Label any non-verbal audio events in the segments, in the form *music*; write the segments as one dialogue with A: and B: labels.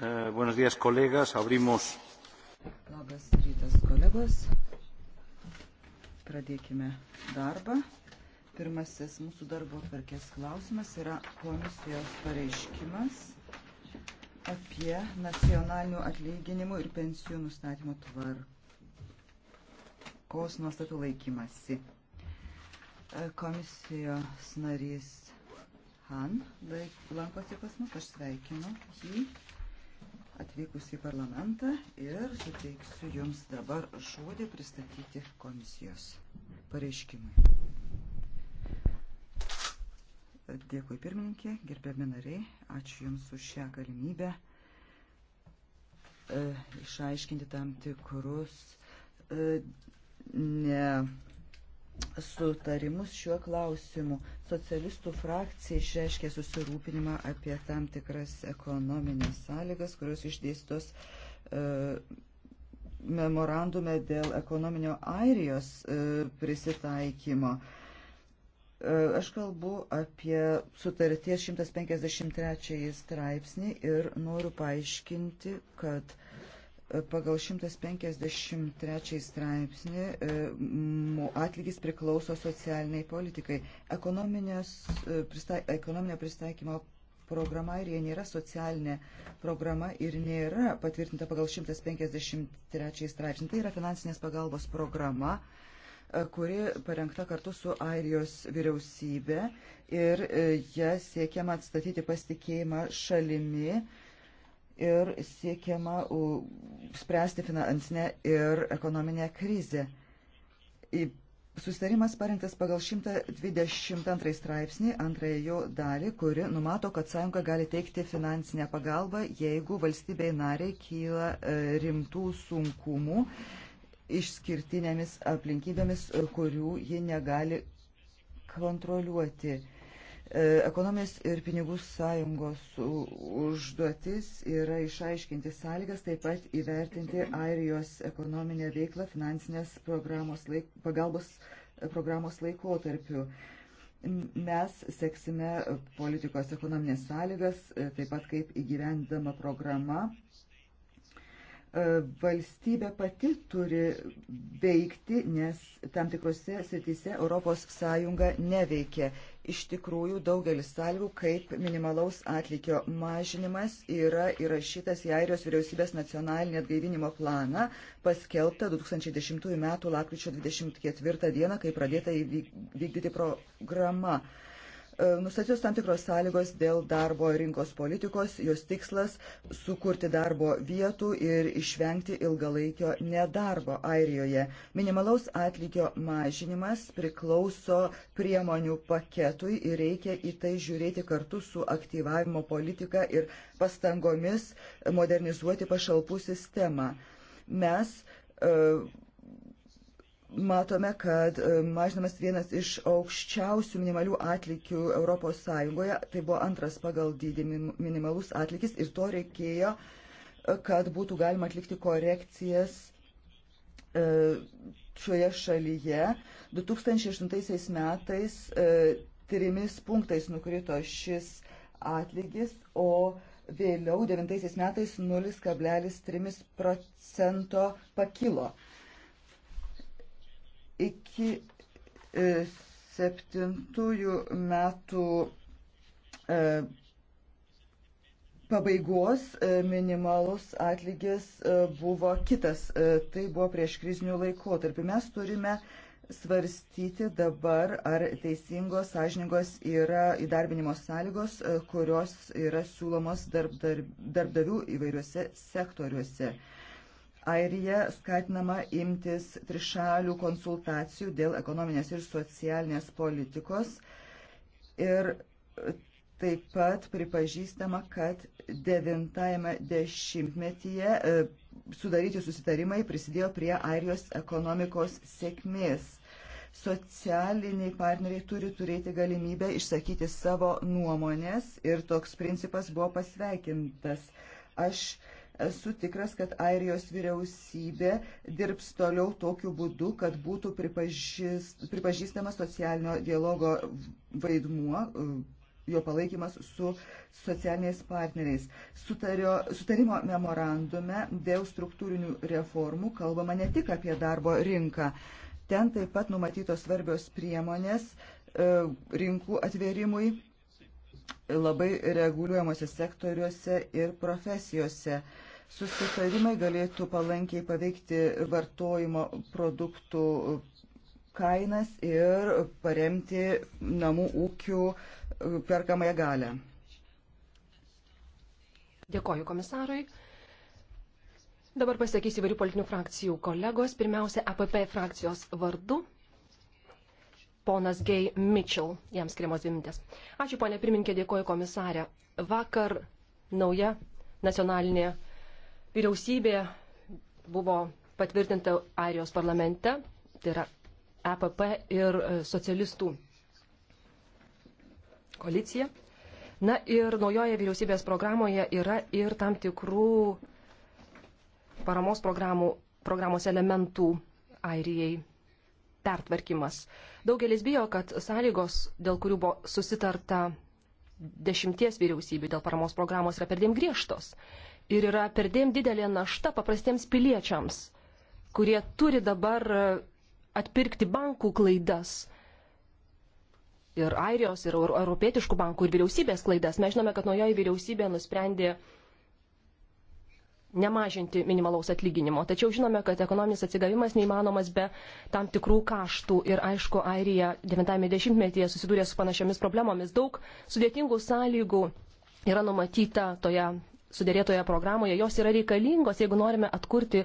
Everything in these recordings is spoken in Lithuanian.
A: Eh, buenos días, colegas. Abrimos.
B: Labas rytas, kolegos. Pradėkime darbą. Pirmasis mūsų darbo tvarkės klausimas yra komisijos pareiškimas apie nacionalinių atlyginimų ir pensijų nustatymo tvarkos nuostatų laikymasi. Eh, komisijos narys Han lankosi pas mus, aš sveikinu jį atvykus į parlamentą ir suteiksiu Jums dabar žodį pristatyti komisijos pareiškimui. Dėkui pirmininkė, gerbiami nariai, ačiū Jums už šią galimybę e, išaiškinti tam tikrus e, ne sutarimus šiuo klausimu. Socialistų frakcija išreiškė susirūpinimą apie tam tikras ekonominės sąlygas, kurios išdėstos e, memorandume dėl ekonominio Airijos e, prisitaikymo. E, aš kalbu apie sutarties 153 straipsnį ir noriu paaiškinti, kad e, pagal 153 straipsnį e, atlygis priklauso socialiniai politikai. E, Pristai, ekonominio pristaikymo programa ir jie nėra socialinė programa ir nėra patvirtinta pagal 153 straipsnį. Tai yra finansinės pagalbos programa e, kuri parengta kartu su Airijos vyriausybė ir ją siekiama atstatyti pasitikėjimą šalimi ir siekiama spręsti finansinę ir ekonominę krizę. Sustarimas parengtas pagal 122 straipsnį, antrąją jo dalį, kuri numato, kad sąjunga gali teikti finansinę pagalbą, jeigu valstybei nariai kyla e, rimtų sunkumų išskirtinėmis aplinkybėmis, e, kurių ji negali kontroliuoti. E, Ekonomijos ir pinigų sąjungos užduotis yra išaiškinti sąlygas, taip pat įvertinti Airijos ekonominę veiklą finansinės programos laik, pagalbos e, programos laikotarpiu. Mes seksime politikos ekonominės sąlygas, e, taip pat kaip įgyvendama programa. Valstybė pati turi veikti, nes tam tikrose srityse ES neveikia iš tikrųjų daugelis salvų, kaip minimalaus atlikio mažinimas yra įrašytas į Airijos vyriausybės nacionalinį atgaivinimo planą, paskelbtą 2010 m. lakryčio 24 d. kai pradėta įvykdyti programa nustatytos tam tikros sąlygos dėl darbo rinkos politikos, jos tikslas - sukurti darbo vietų ir išvengti ilgalaikio nedarbo Airijoje. Minimalaus atlygio mažinimas priklauso priemonių paketui ir reikia į tai žiūrėti kartu su aktyvavimo politika ir pastangomis modernizuoti pašalpų sistemą. Mes uh, matome, kad e, mažinamas vienas iš aukščiausių minimalių atlikių ES, tai buvo antras pagal dydį minimalus atlikis ir to reikėjo, e, kad būtų galima atlikti korekcijas e, šioje šalyje. 2008 metais trimis punktais nukrito šis atlygis, o vėliau 9 metais 0,3 procento pakilo. Iki e, septintųjų metų e, pabaigos e, minimalus atlygis buvo kitas. Tai buvo prieš krizinių laikotarpį. Mes turime svarstyti dabar, ar teisingos, sąžiningos yra įdarbinimo sąlygos, kurios yra siūlomos darbdavių įvairiuose sektoriuose. Airija skatinama imtis trišalių konsultacijų dėl ekonominės ir socialinės politikos ir taip pat pripažįstama, kad devintajame dešimtmetyje e, sudaryti susitarimai prisidėjo prie Airijos ekonomikos sėkmės. Socialiniai partneriai turi turėti galimybę išsakyti savo nuomonės ir toks principas buvo pasveikintas. Aš uh, Esu tikras, kad Airijos vyriausybė dirbs toliau tokiu būdu, kad būtų pripažįstama socialinio dialogo vaidmuo, e, jo palaikymas su socialiniais partneriais. Sutario, sutarimo memorandume dėl struktūrinių reformų kalbama ne tik apie darbo rinką. Ten taip pat numatytos svarbios priemonės e, rinkų atvėrimui labai reguliuojamosios sektoriuose ir profesijose susitarimai galėtų palankiai paveikti vartojimo produktų kainas ir paremti namų ūkių perkamąją galę. Dėkoju komisarui.
C: Dabar pasakys įvairių politinių frakcijų kolegos. Pirmiausia, APP frakcijos vardu. Ponas Gay Mitchell, jam skiriamos dvi mintės. Ačiū, ponė pirminkė, dėkoju komisarė. Vakar nauja nacionalinė Vyriausybė buvo patvirtinta Airijos parlamente, tai yra EPP ir e, socialistų koalicija. Na ir naujoje vyriausybės programoje yra ir tam tikrų paramos programų, programos elementų Airijai pertvarkymas. Daugelis bijo, kad sąlygos, dėl kurių buvo susitarta dešimties vyriausybių dėl paramos programos, yra perdėm griežtos ir yra perdėm didelė našta paprastiems piliečiams, kurie turi dabar e, atpirkti bankų klaidas. Ir airijos, ir europietiškų bankų, ir vyriausybės klaidas. Mes žinome, kad naujoji vyriausybė nusprendė nemažinti minimalaus atlyginimo. Tačiau žinome, kad ekonominis atsigavimas neįmanomas be tam tikrų kaštų. Ir aišku, Airija 90-metyje susidūrė su panašiamis problemomis. Daug sudėtingų sąlygų yra numatyta toje sudėrėtoje programoje, jos yra reikalingos, jeigu norime atkurti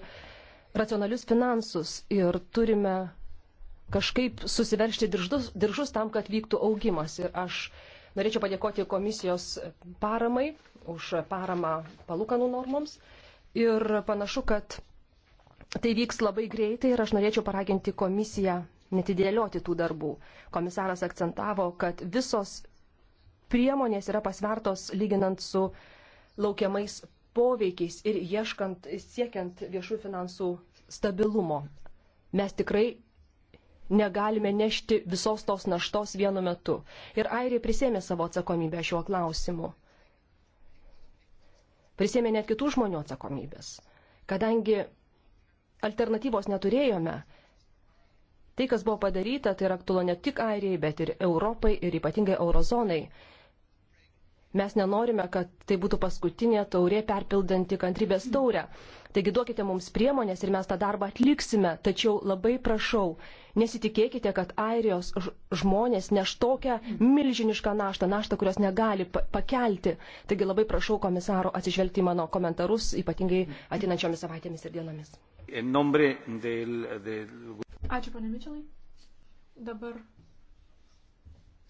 C: racionalius finansus ir turime kažkaip susiveršti diržus, diržus tam, kad vyktų augimas. Ir aš norėčiau padėkoti komisijos paramai už paramą palūkanų normoms. Ir panašu, kad tai vyks labai greitai ir aš norėčiau paraginti komisiją netidėlioti tų darbų. Komisaras akcentavo, kad visos priemonės yra pasvertos lyginant su uh, laukiamais poveikiais ir ieškant, siekiant viešų finansų stabilumo. Mes tikrai negalime nešti visos tos naštos vienu metu. Ir airiai prisėmė savo atsakomybę šiuo klausimu. Prisėmė net kitų žmonių atsakomybės. Kadangi alternatyvos neturėjome, tai, kas buvo padaryta, tai yra aktuolo ne tik Airijai, bet ir Europai ir ypatingai Eurozonai. Mes nenorime, kad tai būtų paskutinė taurė perpildanti kantrybės taurę. Taigi duokite mums priemonės ir mes tą darbą atliksime. Tačiau labai prašau, nesitikėkite, kad airijos žmonės neš tokią milžinišką naštą, naštą, kurios negali pakelti. Taigi labai prašau komisaro atsižvelgti į mano komentarus, ypatingai atinančiomis savaitėmis ir dienomis.
A: Ačiū, pane Mičelai. Dabar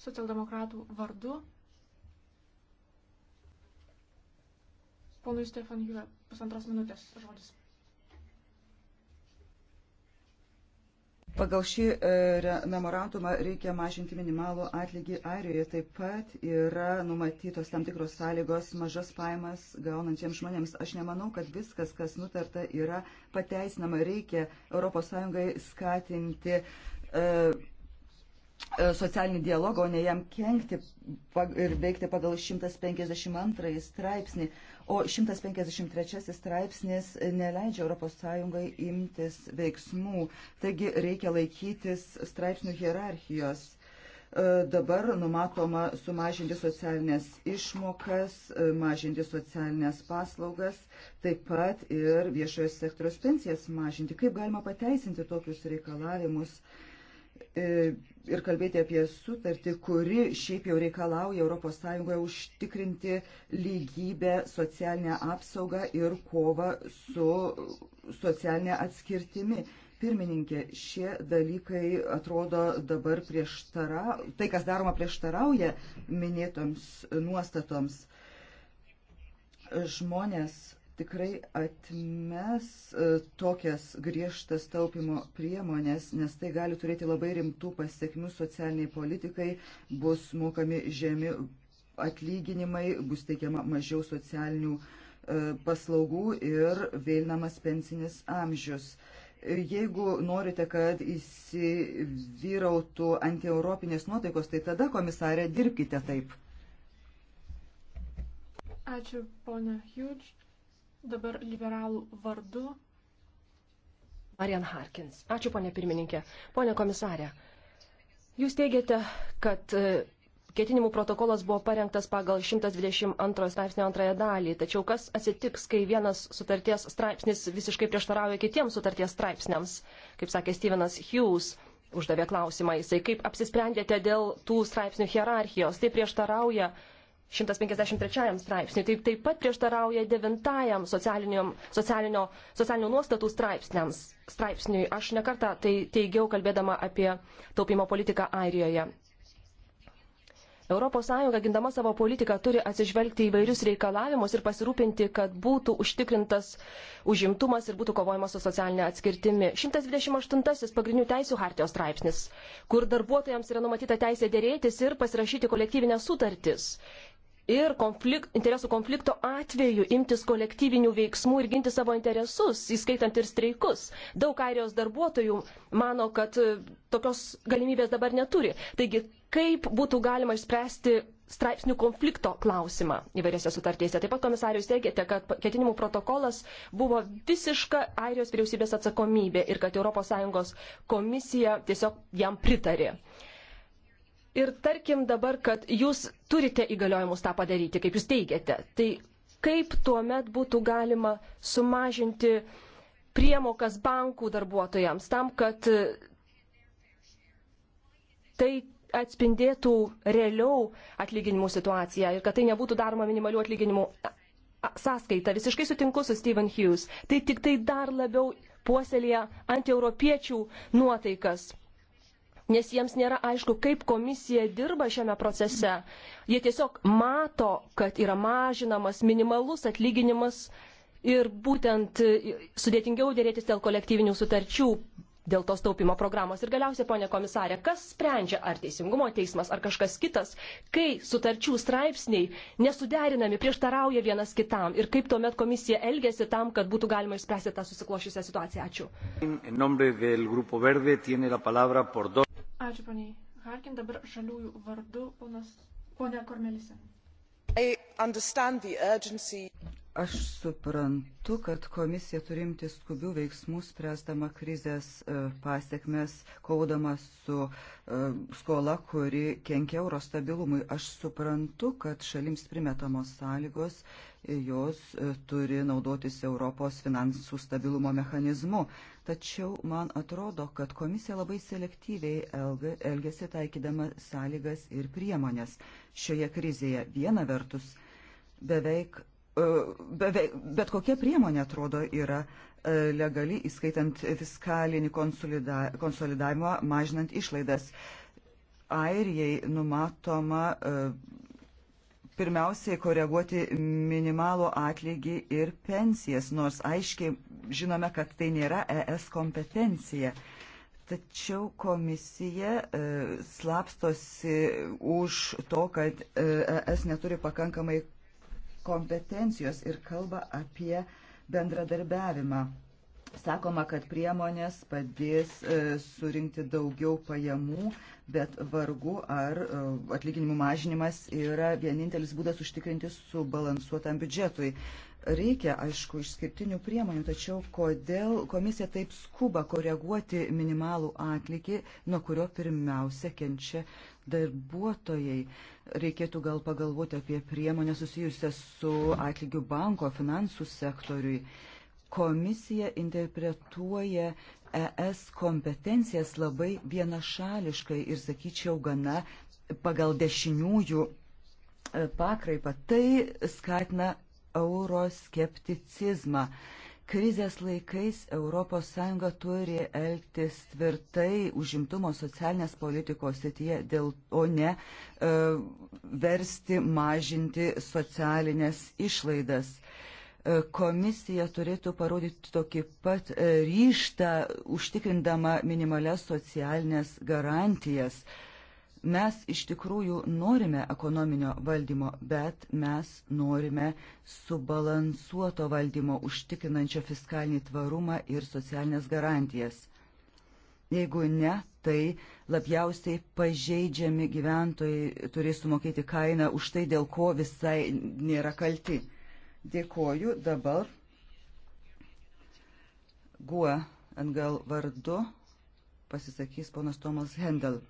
A: socialdemokratų vardu Ponui Stefan Jūra, pusantros minutės žodis.
B: Pagal šį e, memorandumą reikia mažinti minimalų atlygį Airijoje. Taip pat yra numatytos tam tikros sąlygos mažas paimas gaunantiems žmonėms. Aš nemanau, kad viskas, kas nutarta, yra pateisinama. Reikia ES skatinti. Uh, E, socialinį dialogą, o ne jam kenkti ir veikti pagal 152 straipsnį. O 153 straipsnis neleidžia ES imtis veiksmų, taigi reikia laikytis straipsnių hierarchijos. E, dabar numatoma sumažinti socialinės išmokas, e, mažinti socialinės paslaugas, taip pat ir viešojo sektoriaus pensijas mažinti. Kaip galima pateisinti tokius reikalavimus? E, ir kalbėti apie sutartį, kuri šiaip jau reikalauja ES užtikrinti lygybę, socialinę apsaugą ir kovą su socialinė atskirtimi. Pirmininkė, šie dalykai atrodo dabar prieštara, tai kas daroma prieštarauja minėtoms nuostatoms. Žmonės tikrai atmes e, tokias griežtas taupimo priemonės, nes tai gali turėti labai rimtų pasiekmių socialiniai politikai, bus mokami žemi atlyginimai, bus teikiama mažiau socialinių e, paslaugų ir vėlinamas pensinis amžius. Jeigu norite, kad įsivyrautų antieuropinės nuotaikos, tai tada, komisarė, dirbkite taip.
A: Ačiū, ponia Hughes. Dabar liberalų vardu. Marian Harkins. Ačiū,
C: ponė pirmininkė. Pone komisarė, jūs teigiate, kad e, ketinimų protokolas buvo parengtas pagal 122 straipsnio antrąją dalį, tačiau kas atsitiks, kai vienas sutarties straipsnis visiškai prieštarauja kitiems sutarties straipsniams, kaip sakė Stevenas Hughes uždavė klausimą, jisai kaip apsisprendėte dėl tų straipsnių hierarchijos, tai prieštarauja 153 straipsniui. Taip, taip pat prieštarauja 9 socialinio, socialinio nuostatų straipsniui. Aš nekartą tai teigiau kalbėdama apie taupimo politiką Airijoje. ES gindama savo politiką turi atsižvelgti į vairius reikalavimus ir pasirūpinti, kad būtų užtikrintas užimtumas ir būtų kovojama su socialinė atskirtimi. 128 pagrindinių teisų hartijos straipsnis, kur darbuotojams yra numatyta teisė dėrėtis ir pasirašyti kolektyvinės sutartis ir konflikt, interesų konflikto atveju imtis kolektyvinių veiksmų ir ginti savo interesus, įskaitant ir streikus. Daug airijos darbuotojų mano, kad e, tokios galimybės dabar neturi. Taigi, kaip būtų galima išspręsti straipsnių konflikto klausimą įvairiose sutartėse. Taip pat komisarius teigėte, kad ketinimų protokolas buvo visiška airijos vyriausybės atsakomybė ir kad ES komisija tiesiog jam pritarė. Uh, Ir tarkim dabar, kad jūs turite įgaliojimus tą padaryti, kaip jūs teigiate, tai kaip tuo met būtų galima sumažinti priemokas bankų darbuotojams tam, kad e, tai atspindėtų realiau atlyginimų situaciją ir kad tai nebūtų daroma minimalių atlyginimų sąskaita. Visiškai sutinku su Stephen Hughes. Tai tik tai dar labiau puoselėja antieuropiečių nuotaikas nes jiems nėra aišku, kaip komisija dirba šiame procese. Jie tiesiog mato, kad yra mažinamas minimalus atlyginimas ir būtent e, sudėtingiau dėrėtis dėl kolektyvinių sutarčių, dėl tos taupimo programos. Ir galiausiai, ponė komisarė, kas sprendžia, ar teisingumo teismas, ar kažkas kitas, kai sutarčių straipsniai nesuderinami, prieštarauja vienas kitam ir kaip tuomet komisija elgėsi tam, kad būtų galima išspręsti tą susiklošiusią situaciją. Ačiū.
A: Ačiū, poniai Harkin. Dabar žaliųjų vardu, ponas,
B: ponia Kormelisen. Aš suprantu, kad komisija turimti skubių veiksmų spręsdama krizės e, pasiekmes, kaudama su e, skola, kuri kenkia euro stabilumui. Aš suprantu, kad šalims primetamos sąlygos, e, jos turi naudotis Europos finansų stabilumo mechanizmu. Tačiau man atrodo, kad komisija labai selektyviai elgesi taikydama sąlygas ir priemonės šioje krizėje. Viena vertus, beveik E, bet kokia priemonė atrodo yra e, legali, įskaitant fiskalinį konsolida, konsolidavimą, mažinant išlaidas. Airijai numatoma e, pirmiausiai koreguoti minimalų atlygį ir pensijas, nors aiškiai žinome, kad tai nėra ES kompetencija. Tačiau komisija e, slapstosi už to, kad e, ES neturi pakankamai kompetencijos ir kalba apie bendradarbiavimą. Sakoma, kad priemonės padės e, surinkti daugiau pajamų, bet vargu ar e, atlyginimų mažinimas yra vienintelis būdas užtikrinti subalansuotam biudžetui. Reikia, aišku, išskirtinių priemonių, tačiau kodėl komisija taip skuba koreguoti minimalų atlikį, nuo kurio pirmiausia kenčia darbuotojai? Reikėtų gal pagalvoti apie priemonę susijusią su atlygių banko finansų sektoriui. Komisija interpretuoja ES kompetencijas labai vienašališkai ir, sakyčiau, gana pagal dešiniųjų e, pakraipą. Tai skatina euroskepticizmą. Krizės laikais ES turi elgtis tvirtai užimtumo socialinės politikos sityje, dėl, o ne e, versti mažinti socialinės išlaidas. E, komisija turėtų parodyti tokį pat e, ryštą užtikrindama minimales socialinės garantijas. E, Mes iš tikrųjų norime ekonominio valdymo, bet mes norime subalansuoto valdymo, užtikrinančio fiskalinį tvarumą ir socialinės garantijas. Jeigu ne, tai labiausiai pažeidžiami gyventojai turės sumokėti kainą už tai, dėl ko visai nėra kalti. Dėkoju dabar Guo NGL vardu pasisakys ponas Tomas Hendel.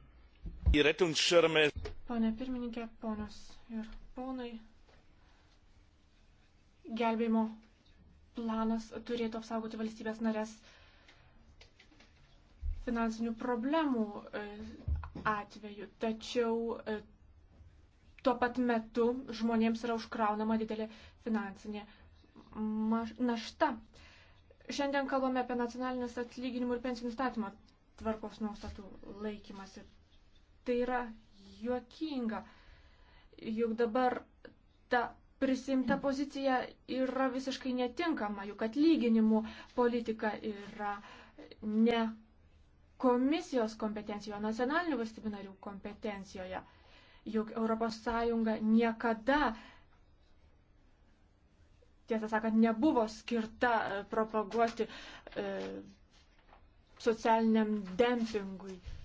A: Pane pirmininkė, ponios ir ponai, gelbėjimo planas turėtų apsaugoti valstybės narės finansinių problemų e, atveju. Tačiau e, tuo pat metu žmonėms yra užkraunama didelė finansinė našta. Šiandien kalbame apie nacionalinės atlyginimų ir pensijų nustatymą tvarkos nuostatų laikymasi. Tai yra juokinga. Juk dabar ta prisimta pozicija yra visiškai netinkama, juk atlyginimų politika yra ne komisijos kompetencijoje, nacionalinių valstybių narių kompetencijoje. Juk ES niekada, tiesą sakant, nebuvo skirta e, propaguoti e, socialiniam dempingui. E,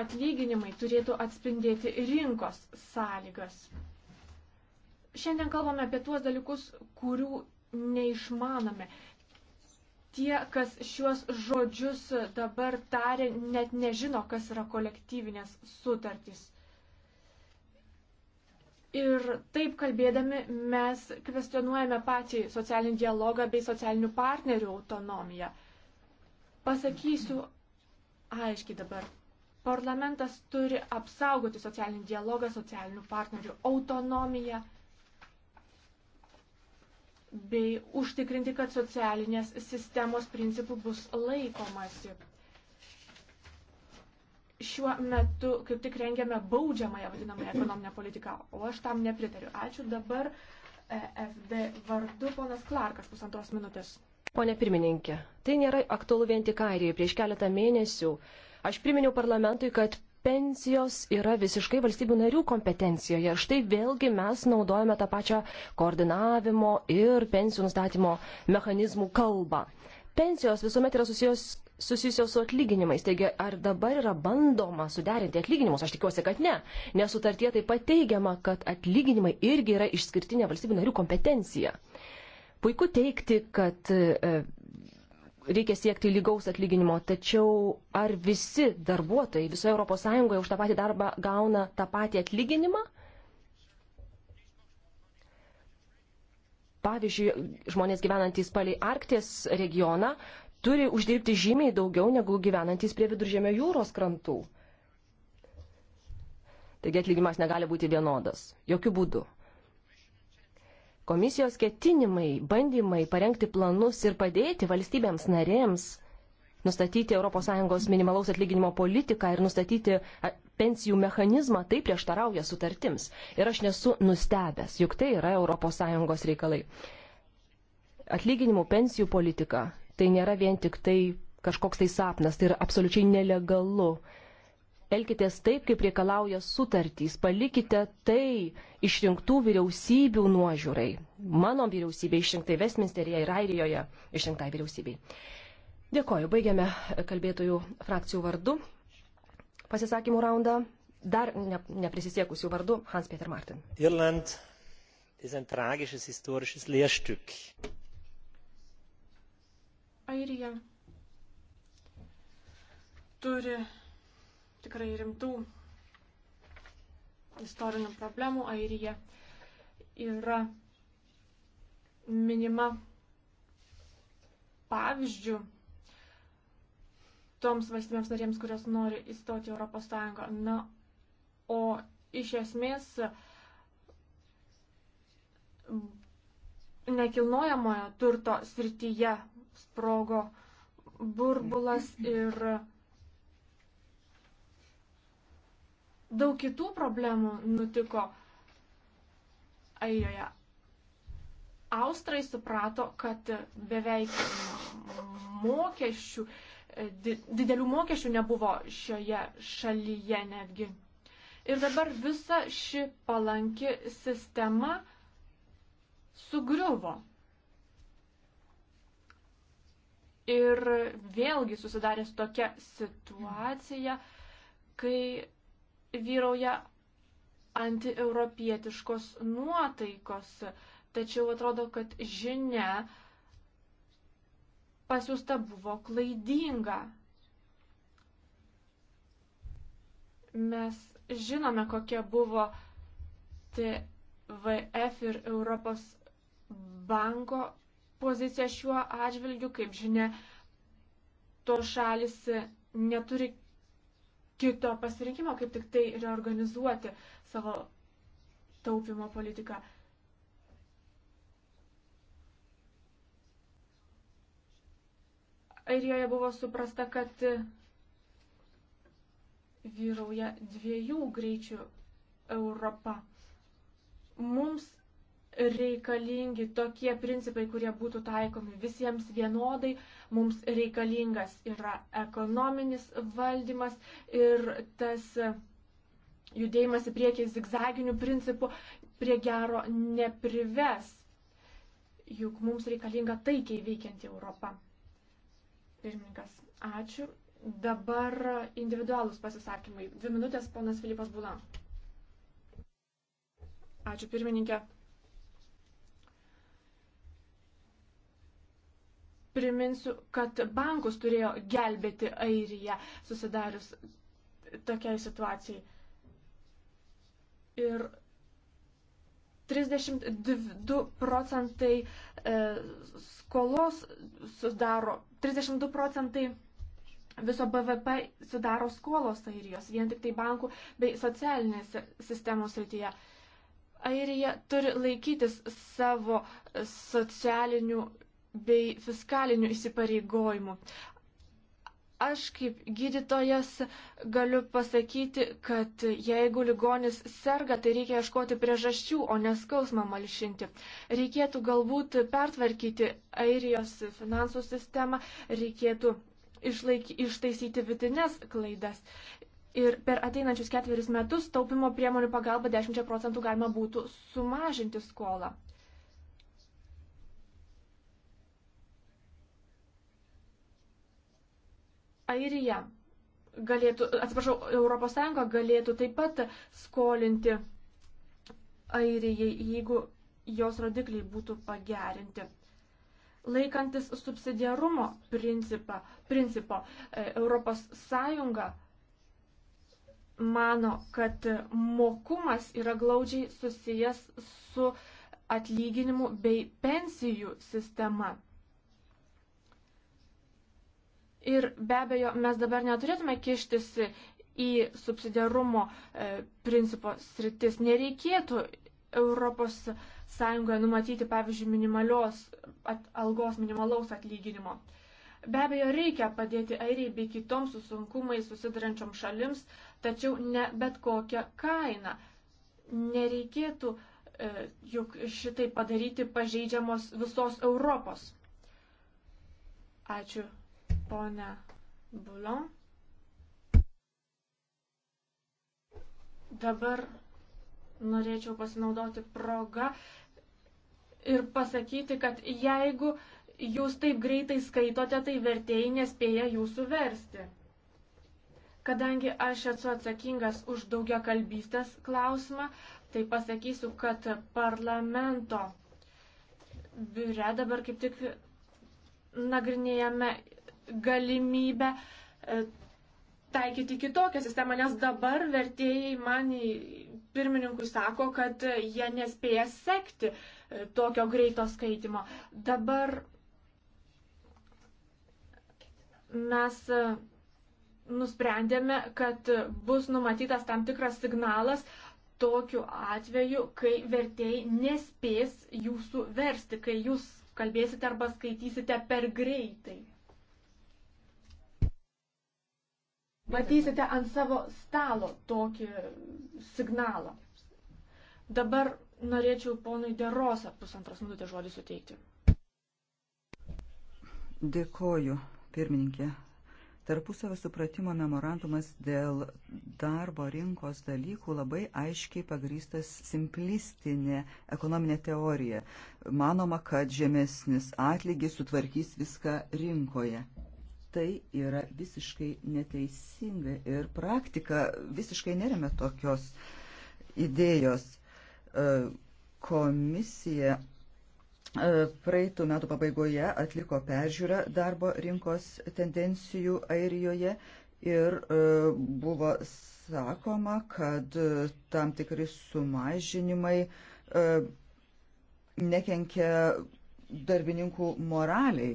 A: atlyginimai turėtų atspindėti rinkos sąlygas. Šiandien kalbame apie tuos dalykus, kurių neišmanome. Tie, kas šiuos žodžius dabar tarė, net nežino, kas yra kolektyvinės sutartys. Ir taip kalbėdami mes kvestionuojame patį socialinį dialogą bei socialinių partnerių autonomiją. Pasakysiu aiškiai dabar. Parlamentas turi apsaugoti socialinį dialogą, socialinių partnerių autonomiją bei užtikrinti, kad socialinės sistemos principų bus laikomasi. Šiuo metu kaip tik rengiame baudžiamąją vadinamąją ekonominę politiką, o aš tam nepritariu. Ačiū dabar e, FD vardu ponas Klarkas pusantros minutės.
C: Pone pirmininkė, tai nėra aktualu vien tik Airijai. Prieš keletą mėnesių uh, Aš priminiau parlamentui, kad pensijos yra visiškai valstybių narių kompetencijoje. Štai vėlgi mes naudojame tą pačią koordinavimo ir pensijų nustatymo mechanizmų kalbą. Pensijos visuomet yra susijos, susijusios su atlyginimais. Taigi, ar dabar yra bandoma suderinti atlyginimus? Aš tikiuosi, kad ne. Nesutartie taip pat teigiama, kad atlyginimai irgi yra išskirtinė valstybių narių kompetencija. Puiku teikti, kad e, reikia siekti lygaus atlyginimo, tačiau ar visi darbuotojai visoje ES už tą patį darbą gauna tą patį atlyginimą? Pavyzdžiui, žmonės gyvenantys palei Arkties regioną turi uždirbti žymiai daugiau negu gyvenantys prie viduržėmio jūros krantų. Taigi atlyginimas negali būti vienodas. Jokių būdų komisijos ketinimai, bandymai parengti planus ir padėti valstybėms narėms nustatyti ES minimalaus atlyginimo politiką ir nustatyti pensijų mechanizmą, tai prieštarauja sutartims. Ir aš nesu nustebęs, juk tai yra ES reikalai. Atlyginimų pensijų politika tai nėra vien tik tai kažkoks tai sapnas, tai yra absoliučiai nelegalu elkitės taip, kaip reikalauja sutartys, palikite tai išrinktų vyriausybių nuožiūrai. Mano vyriausybė išrinktai Westminsteryje ir Airijoje išrinktai vyriausybei. Dėkoju, baigiame kalbėtojų frakcijų vardu pasisakymų raundą. Dar ne, neprisisiekusių vardu Hans Peter Martin. Irland ist ein tragisches historisches Lehrstück.
A: Airija turi tikrai rimtų istorinių problemų. Airija yra minima pavyzdžių toms valstybėms narėms, kurios nori įstoti Europos Sąjungą. Na, o iš esmės nekilnojamojo turto srityje sprogo burbulas ir daug kitų problemų nutiko Airijoje. Austrai suprato, kad beveik mokesčių, didelių mokesčių nebuvo šioje šalyje netgi. Ir dabar visa ši palanki sistema sugriuvo. Ir vėlgi susidarė tokia situacija, kai vyrauja antieuropietiškos nuotaikos. Tačiau atrodo, kad žinia pasiūsta buvo klaidinga. Mes žinome, kokia buvo TVF ir Europos banko pozicija šiuo atžvilgiu. Kaip žinia, to šalis neturi kito pasirinkimo, kaip tik tai reorganizuoti savo taupimo politiką. Airijoje buvo suprasta, kad vyrauja dviejų greičių Europa. Mums reikalingi tokie principai, kurie būtų taikomi visiems vienodai. Mums reikalingas yra ekonominis valdymas ir tas judėjimas į priekį zigzaginių principų prie gero neprives. Juk mums reikalinga taikiai veikianti Europa. Pirmininkas, ačiū. Dabar individualūs pasisakymai. Dvi minutės, ponas Filipas Būla. Ačiū pirmininkė. Priminsiu, kad bankus turėjo gelbėti Airija susidarius tokiai situacijai. Ir 32 procentai e, skolos sudaro, 32 procentai viso BVP sudaro skolos Airijos, vien tik tai bankų bei socialinės sistemos rytyje. Airija turi laikytis savo socialinių bei fiskalinių įsipareigojimų. Aš kaip gydytojas galiu pasakyti, kad jeigu ligonis serga, tai reikia ieškoti priežasčių, o neskausmą malšinti. Reikėtų galbūt pertvarkyti Airijos finansų sistemą, reikėtų išlaik, ištaisyti vidinės klaidas. Ir per ateinančius ketverius metus taupimo priemonių pagalba 10 procentų galima būtų sumažinti skolą. Airija galėtų, atsiprašau, ES galėtų taip pat skolinti Airijai, jeigu jos rodikliai būtų pagerinti. Laikantis subsidiarumo principą, principo, ES mano, kad mokumas yra glaudžiai susijęs su atlyginimu bei pensijų sistema. Ir be abejo, mes dabar neturėtume kištis į subsidiarumo e, principo sritis. Nereikėtų Europos Sąjungoje numatyti, pavyzdžiui, minimalios at, algos, minimalaus atlyginimo. Be abejo, reikia padėti airiai bei kitoms su sunkumai susidarančiom šalims, tačiau ne bet kokią kainą. Nereikėtų e, juk šitai padaryti pažeidžiamos visos Europos. Ačiū ponę Bulon. Dabar norėčiau pasinaudoti progą ir pasakyti, kad jeigu jūs taip greitai skaitote, tai vertėjai nespėja jūsų versti. Kadangi aš esu atsakingas už daugia kalbystės klausimą, tai pasakysiu, kad parlamento biure dabar kaip tik nagrinėjame galimybę e, taikyti kitokią sistemą, nes dabar vertėjai man pirmininkui sako, kad jie nespėja sekti e, tokio greito skaitimo. Dabar mes e, nusprendėme, kad bus numatytas tam tikras signalas tokiu atveju, kai vertėjai nespės jūsų versti, kai jūs kalbėsite arba skaitysite per greitai. matysite ant savo stalo tokį signalą. Dabar norėčiau ponui Derosą pusantros minutės žodį suteikti.
B: Dėkoju, pirmininkė. Tarpusavio supratimo memorandumas dėl darbo rinkos dalykų labai aiškiai pagrystas simplistinė ekonominė teorija. Manoma, kad žemesnis atlygis sutvarkys viską rinkoje. Tai yra visiškai neteisinga ir praktika visiškai neremia tokios idėjos. E, komisija e, praeitų metų pabaigoje atliko peržiūrą darbo rinkos tendencijų Airijoje ir e, buvo sakoma, kad tam tikri sumažinimai nekenkia darbininkų moraliai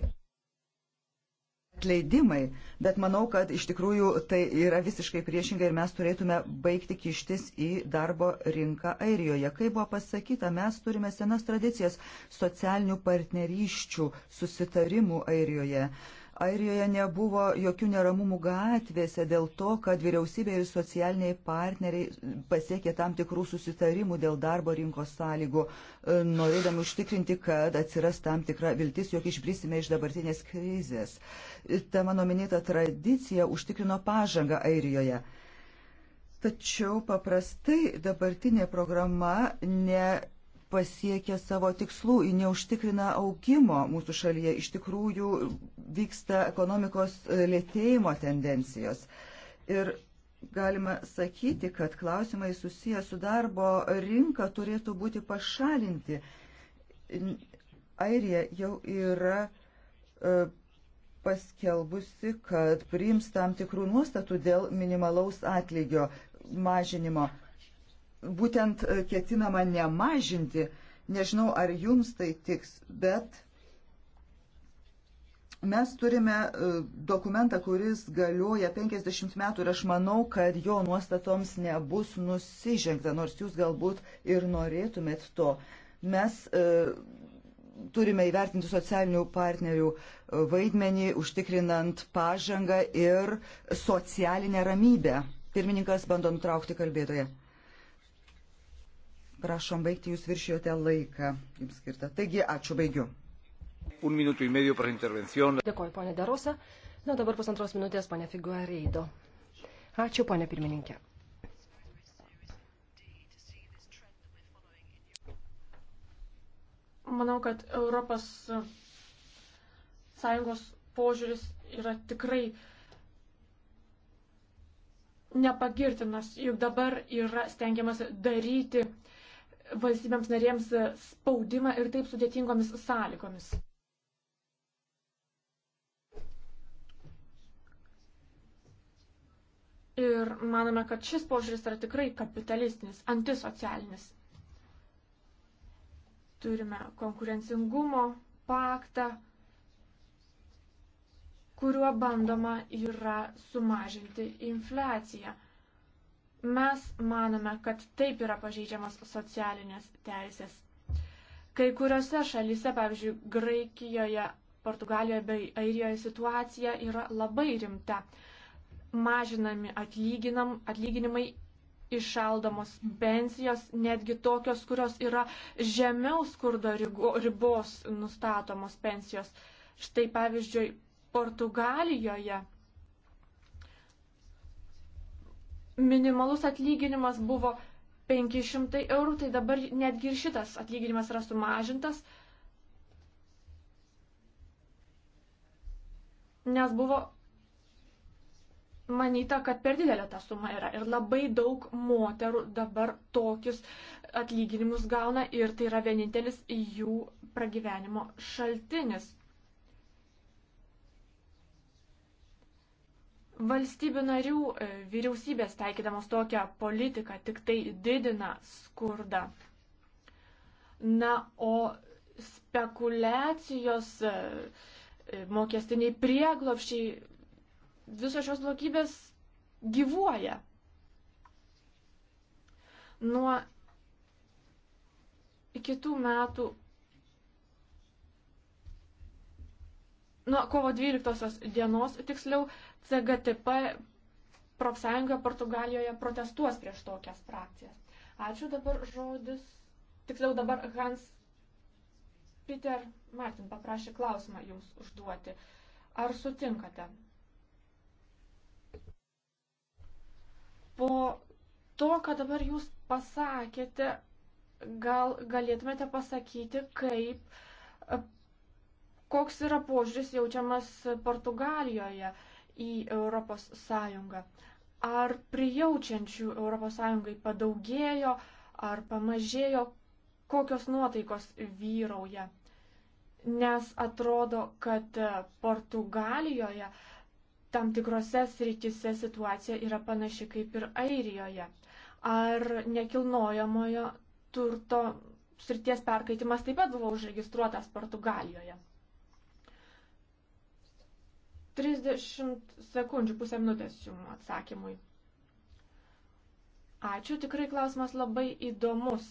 B: atleidimai, bet manau, kad iš tikrųjų tai yra visiškai priešingai ir mes turėtume baigti kištis į darbo rinką Airijoje. Kaip buvo pasakyta, mes turime senas tradicijas socialinių partneryščių, susitarimų Airijoje. Airijoje nebuvo jokių neramumų gatvėse dėl to, kad vyriausybė ir socialiniai partneriai pasiekė tam tikrų susitarimų dėl darbo rinkos sąlygų, e, norėdami užtikrinti, kad atsiras tam tikra viltis, jog išbrisime iš dabartinės krizės ta mano minėta tradicija užtikrino pažangą Airijoje. Tačiau paprastai dabartinė programa ne pasiekia savo tikslų, ji neužtikrina augimo mūsų šalyje. Iš tikrųjų vyksta ekonomikos lėtėjimo tendencijos. Ir galima sakyti, kad klausimai susiję su darbo rinka turėtų būti pašalinti. Airija jau yra e, paskelbusi, kad priims tam tikrų nuostatų dėl minimalaus atlygio mažinimo. Būtent e, ketinama nemažinti, nežinau ar jums tai tiks, bet mes turime e, dokumentą, kuris galioja 50 metų ir aš manau, kad jo nuostatoms nebus nusižengta, nors jūs galbūt ir norėtumėt to. Mes e, turime įvertinti socialinių partnerių e, vaidmenį, užtikrinant pažangą ir socialinę ramybę. Pirmininkas bando nutraukti kalbėtoje. Prašom baigti, jūs viršijote laiką, jums skirtą. Taigi, ačiū, baigiu.
A: Un minuto y medio para intervención.
B: Dėkoju, ponė Darosa. Na, dabar pusantros minutės, ponė
C: Figueiredo. Ačiū, ponė pirmininkė.
A: Manau, kad Europos Sąjungos požiūris yra tikrai nepagirtinas, juk dabar yra stengiamas daryti valstybėms narėms spaudimą ir taip sudėtingomis sąlygomis. Ir manome, kad šis požiūris yra tikrai kapitalistinis, antisocialinis. Turime konkurencingumo paktą, kuriuo bandoma yra sumažinti infliaciją. Mes manome, kad taip yra pažeidžiamas socialinės teisės. Kai kuriuose šalyse, pavyzdžiui, Graikijoje, Portugalijoje bei Airijoje situacija yra labai rimta. Mažinami atlyginimai išaldomos pensijos, netgi tokios, kurios yra žemiau skurdo ribos nustatomos pensijos. Štai pavyzdžiui, Portugalijoje minimalus atlyginimas buvo 500 eurų, tai dabar netgi ir šitas atlyginimas yra sumažintas, nes buvo manyta, kad per didelė ta suma yra. Ir labai daug moterų dabar tokius atlyginimus gauna ir tai yra vienintelis jų pragyvenimo šaltinis. Valstybių narių e, vyriausybės taikydamos tokią politiką tik tai didina skurdą. Na, o spekulacijos e, mokestiniai prieglopščiai visos šios blogybės gyvuoja. Nuo kitų metų, nuo kovo 12 dienos tiksliau, CGTP profsąjunga Portugalijoje protestuos prieš tokias frakcijas. Ačiū dabar žodis, tiksliau dabar Hans Peter Martin paprašė klausimą jums užduoti. Ar sutinkate po to, ką dabar jūs pasakėte, gal galėtumėte pasakyti, kaip, e, koks yra požiūris jaučiamas Portugalijoje į Europos Sąjungą. Ar prijaučiančių Europos Sąjungai padaugėjo, ar pamažėjo, kokios nuotaikos vyrauja. Nes atrodo, kad Portugalijoje tam tikrose srityse situacija yra panaši kaip ir Airijoje. Ar nekilnojamojo turto srities perkaitimas taip pat buvo užregistruotas Portugalijoje? 30 sekundžių, pusę minutės jums atsakymui. Ačiū, tikrai klausimas labai įdomus.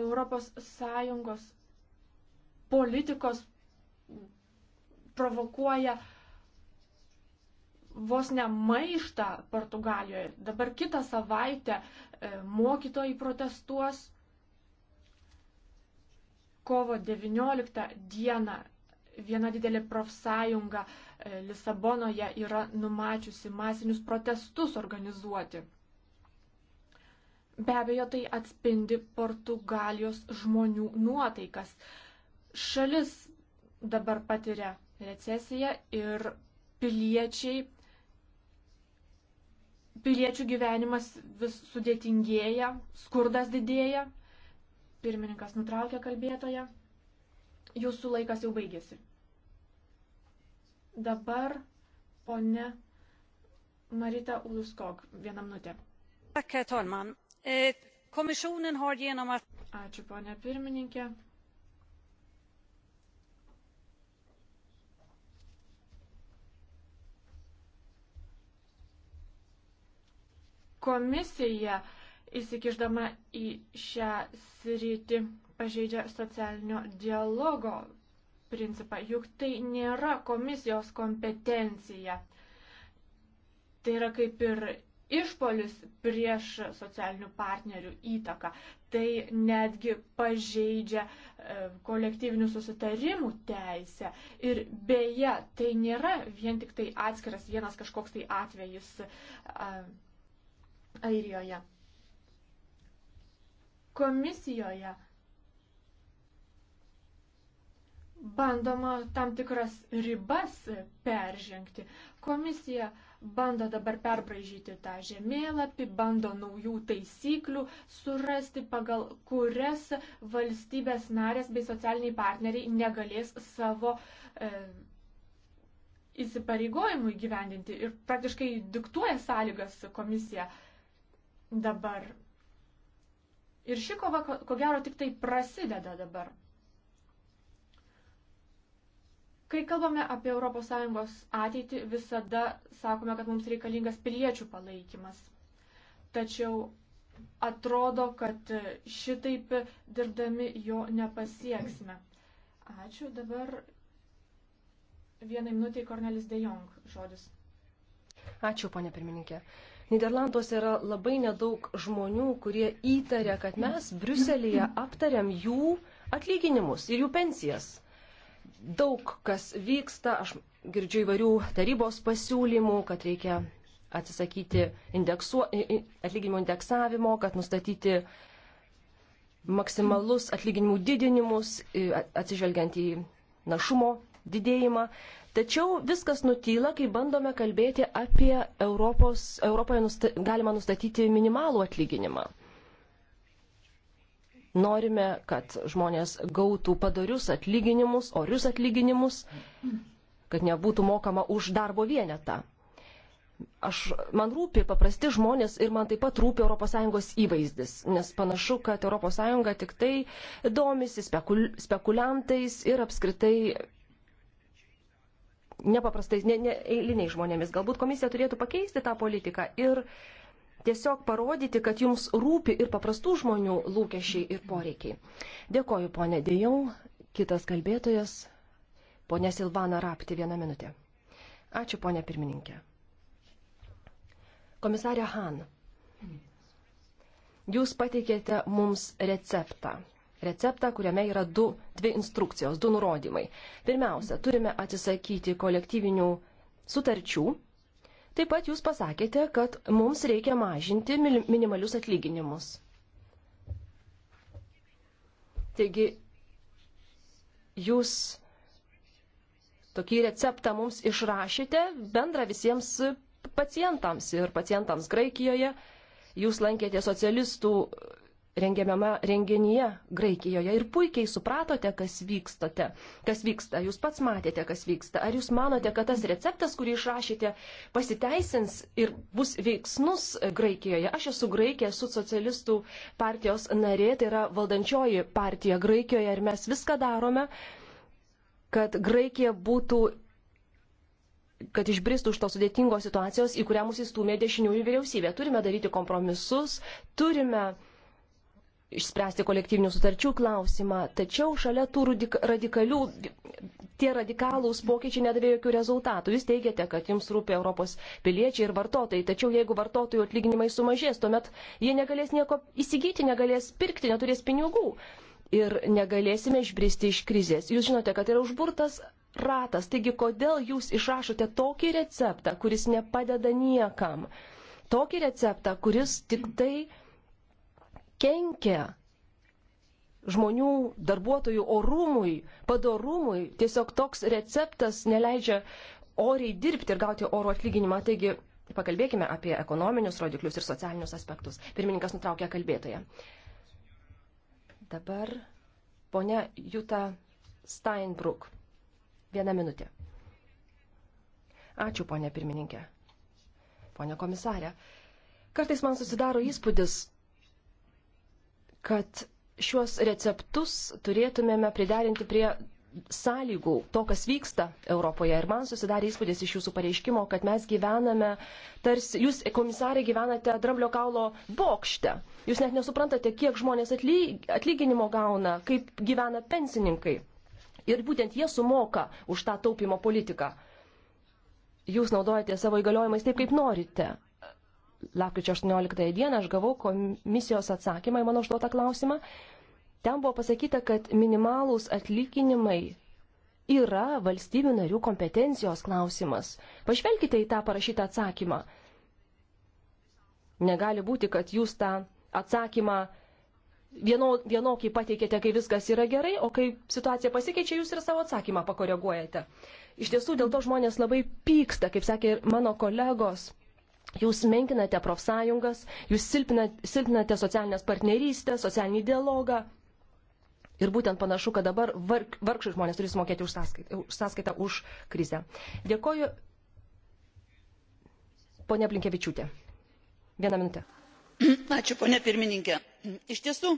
A: Europos Sąjungos politikos provokuoja uh, vos ne maištą Portugalijoje. Dabar kitą savaitę e, mokytojai protestuos. Kovo 19 dieną viena didelė profsąjunga e, Lisabonoje yra numačiusi masinius protestus organizuoti. Be abejo, tai atspindi Portugalijos žmonių nuotaikas. Šalis dabar patiria recesiją ir piliečiai piliečių gyvenimas vis sudėtingėja, skurdas didėja. Pirmininkas nutraukė kalbėtoją. Jūsų laikas jau baigėsi. Dabar ponė Marita Uluskog, vieną minutę. Eh, Ačiū, ponė pirmininkė. komisija įsikiždama į šią sritį pažeidžia socialinio dialogo principą, juk tai nėra komisijos kompetencija. Tai yra kaip ir išpolis prieš socialinių partnerių įtaką. Tai netgi pažeidžia e, kolektyvinių susitarimų teisę. Ir beje, tai nėra vien tik tai atskiras vienas kažkoks tai atvejis. Uh, Airijoje. Komisijoje bandoma tam tikras ribas peržengti. Komisija bando dabar perbražyti tą žemėlapį, bando naujų taisyklių surasti, pagal kurias valstybės narės bei socialiniai partneriai negalės savo e, įsipareigojimų įgyvendinti ir praktiškai diktuoja sąlygas komisija. E, dabar. Ir ši kova, ko gero, tik tai prasideda dabar. Kai kalbame apie ES ateitį, visada sakome, kad mums reikalingas piliečių palaikymas. Tačiau atrodo, kad šitaip dirbdami jo nepasieksime. Ačiū. Dabar vienai minutiai Kornelis De Jong žodis.
C: Ačiū, ponė pirmininkė. Uh, Niderlanduose yra labai nedaug žmonių, kurie įtarė, kad mes Briuselėje aptariam jų atlyginimus ir jų pensijas. Daug kas vyksta, aš girdžiu įvairių tarybos pasiūlymų, kad reikia atsisakyti indeksuo, atlyginimų indeksavimo, kad nustatyti maksimalus atlyginimų didinimus, atsižvelgiant į našumo didėjimą. Tačiau viskas nutyla, kai bandome kalbėti apie Europos, Europoje nusta, galima nustatyti minimalų atlyginimą. Norime, kad žmonės gautų padarius atlyginimus, orius atlyginimus, kad nebūtų mokama už darbo vienetą. Aš, man rūpi paprasti žmonės ir man taip pat rūpi ES įvaizdis, nes panašu, kad ES tik tai domisi spekul, spekuliantais ir apskritai nepaprastais, ne, ne, eiliniais žmonėmis. Galbūt komisija turėtų pakeisti tą politiką ir tiesiog parodyti, kad jums rūpi ir paprastų žmonių lūkesčiai ir poreikiai. Dėkoju, ponė Dėjau. Kitas kalbėtojas, ponė Silvana Rapti, vieną minutę. Ačiū, ponė pirmininkė. Komisarė Han, jūs pateikėte mums receptą receptą, kuriame yra du, dvi instrukcijos, du nurodymai. Pirmiausia, turime atsisakyti kolektyvinių sutarčių. Taip pat jūs pasakėte, kad mums reikia mažinti minimalius atlyginimus. Taigi, jūs tokį receptą mums išrašėte bendrą visiems pacientams ir pacientams Graikijoje. Jūs lankėte socialistų rengiamame renginyje Graikijoje ir puikiai supratote, kas, vykstate, kas vyksta. Jūs pats matėte, kas vyksta. Ar jūs manote, kad tas receptas, kurį išrašėte, pasiteisins ir bus veiksnus Graikijoje? Aš esu Graikija, esu socialistų partijos narė, tai yra valdančioji partija Graikijoje ir mes viską darome, kad Graikija būtų kad išbristų už tos sudėtingos situacijos, į kurią mus įstumė dešiniųjų vyriausybė. Turime daryti kompromisus, turime uh, išspręsti kolektyvinių sutarčių klausimą, tačiau šalia tų radikalių, tie radikalūs pokyčiai nedavė jokių rezultatų. Jūs teigiate, kad jums rūpia Europos piliečiai ir vartotojai, tačiau jeigu vartotojų atlyginimai sumažės, tuomet jie negalės nieko įsigyti, negalės pirkti, neturės pinigų ir negalėsime išbristi iš krizės. Jūs žinote, kad yra užburtas ratas, taigi kodėl jūs išrašote tokį receptą, kuris nepadeda niekam? Tokį receptą, kuris tik tai kenkia žmonių, darbuotojų orumui, padorumui. Tiesiog toks receptas neleidžia oriai dirbti ir gauti oro atlyginimą. Taigi pakalbėkime apie ekonominius rodiklius ir socialinius aspektus. Pirmininkas nutraukė kalbėtoją. Dabar ponia Juta Steinbrück. Viena minutė. Ačiū, ponė pirmininkė. Pone komisarė, kartais man susidaro įspūdis, kad šiuos receptus turėtumėme priderinti prie sąlygų to, kas vyksta Europoje. Ir man susidarė įspūdis iš jūsų pareiškimo, kad mes gyvename, tarsi jūs, komisarai, gyvenate dramblio kaulo bokšte. Jūs net nesuprantate, kiek žmonės atlyginimo gauna, kaip gyvena pensininkai. Ir būtent jie sumoka už tą taupimo politiką. Jūs naudojate savo įgaliojimais taip, kaip norite lakryčio 18 dieną aš gavau komisijos atsakymą į mano užduotą klausimą. Ten buvo pasakyta, kad minimalūs atlyginimai yra valstybių narių kompetencijos klausimas. Pažvelkite į tą parašytą atsakymą. Negali būti, kad jūs tą atsakymą vieno, vienokį pateikėte, kai viskas yra gerai, o kai situacija pasikeičia, jūs ir savo atsakymą pakoreguojate. Iš tiesų, dėl to žmonės labai pyksta, kaip sakė ir mano kolegos. Jūs menkinate profsąjungas, jūs silpinate, silpinate socialinės partnerystės, socialinį dialogą. Ir būtent panašu, kad dabar varg, vargšai žmonės turi sumokėti už sąskaitą, už sąskaitą už krizę. Dėkoju, ponia Blinkevičiūtė. Vieną minutę.
D: *clears throat* Ačiū, ponia pirmininkė. Iš tiesų,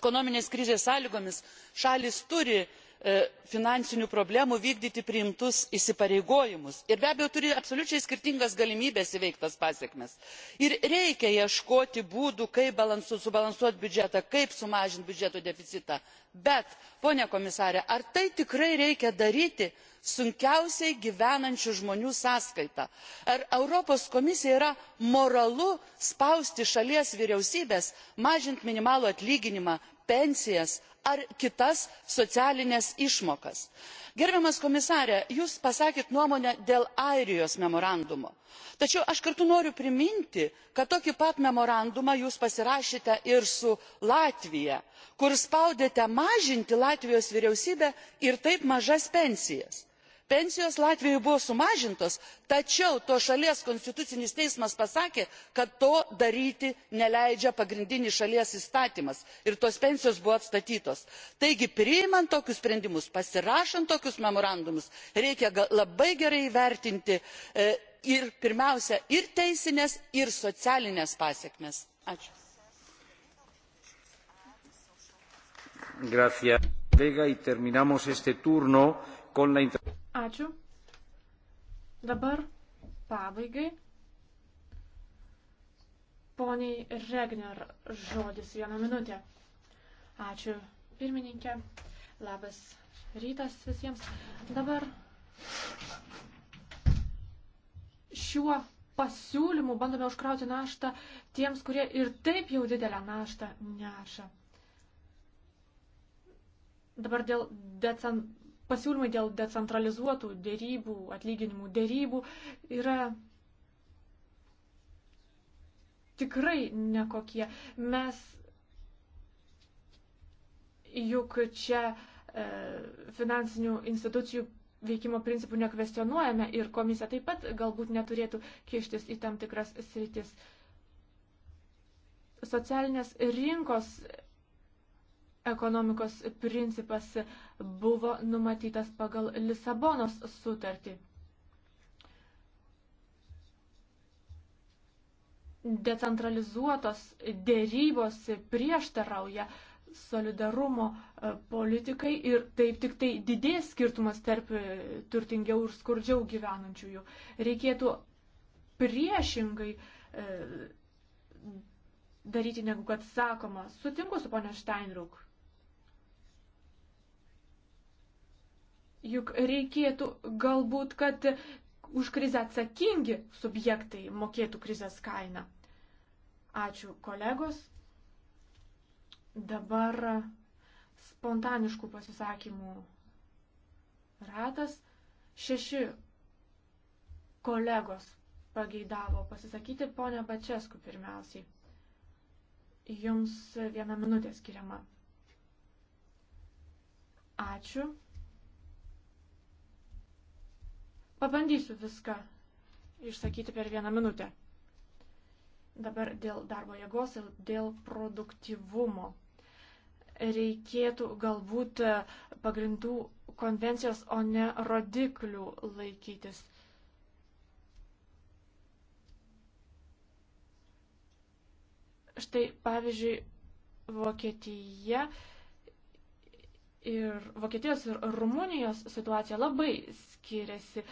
D: ekonominės krizės sąlygomis šalis turi E, finansinių problemų vykdyti priimtus įsipareigojimus ir be abejo turi absoliučiai skirtingas galimybes įveikti tas pasekmes. ir reikia ieškoti būdų kaip subalansuoti biudžetą kaip sumažinti biudžeto deficitą bet pone komisare ar tai tikrai reikia daryti sunkiausiai gyvenančių žmonių sąskaita? ar europos komisijai yra moralu spausti šalies vyriausybes mažinti minimalų atlyginimą pensijas ar kitas socialines išmokas. gerbiamas komisare jūs pasakėte nuomonę dėl airijos memorandumo tačiau aš kartu noriu priminti kad tokį pat memorandumą jūs pasirašėte ir su latvija kur spaudėte mažinti latvijos vyriausybę ir taip mažas pensijas pensijos latvijoje buvo sumažintos tačiau tos šalies konstitucinis teismas pasakė kad to daryti neleidžia pagrindinis šalies įstatymas ir tos pensijos buvo atstatytos. taigi priimant tokius sprendimus pasirašant tokius memorandumus reikia labai gerai įvertinti e, ir pirmiausia ir teisines ir socialines pasekmes.
A: terminamos este turno con la Ačiū. Dabar pabaigai. Poniai Regner žodis vieną minutę. Ačiū pirmininkė. Labas rytas visiems. Dabar šiuo pasiūlymu bandome užkrauti naštą tiems, kurie ir taip jau didelę naštą neša. Dabar dėl decent pasiūlymai dėl decentralizuotų dėrybų, atlyginimų dėrybų yra tikrai nekokie. Mes juk čia e, finansinių institucijų veikimo principų nekvestionuojame ir komisija taip pat galbūt neturėtų kištis į tam tikras sritis. Socialinės rinkos ekonomikos principas buvo numatytas pagal Lisabonos sutartį. Decentralizuotos dėrybos prieštarauja solidarumo e, politikai ir taip tik tai didės skirtumas tarp e, turtingiau ir skurdžiau gyvenančiųjų. Reikėtų priešingai e, daryti, negu kad sakoma. Sutinku su ponia Steinruk. Juk reikėtų galbūt, kad už krizę atsakingi subjektai mokėtų krizės kainą. Ačiū kolegos. Dabar spontaniškų pasisakymų ratas. Šeši kolegos pageidavo pasisakyti. Pone Bačesku pirmiausiai. Jums viena minutė skiriama. Ačiū. Pabandysiu viską išsakyti per vieną minutę. Dabar dėl darbo jėgos ir dėl produktivumo. Reikėtų galbūt pagrindų konvencijos, o ne rodiklių laikytis. Štai pavyzdžiui, Vokietija ir Vokietijos ir Rumunijos situacija labai skiriasi.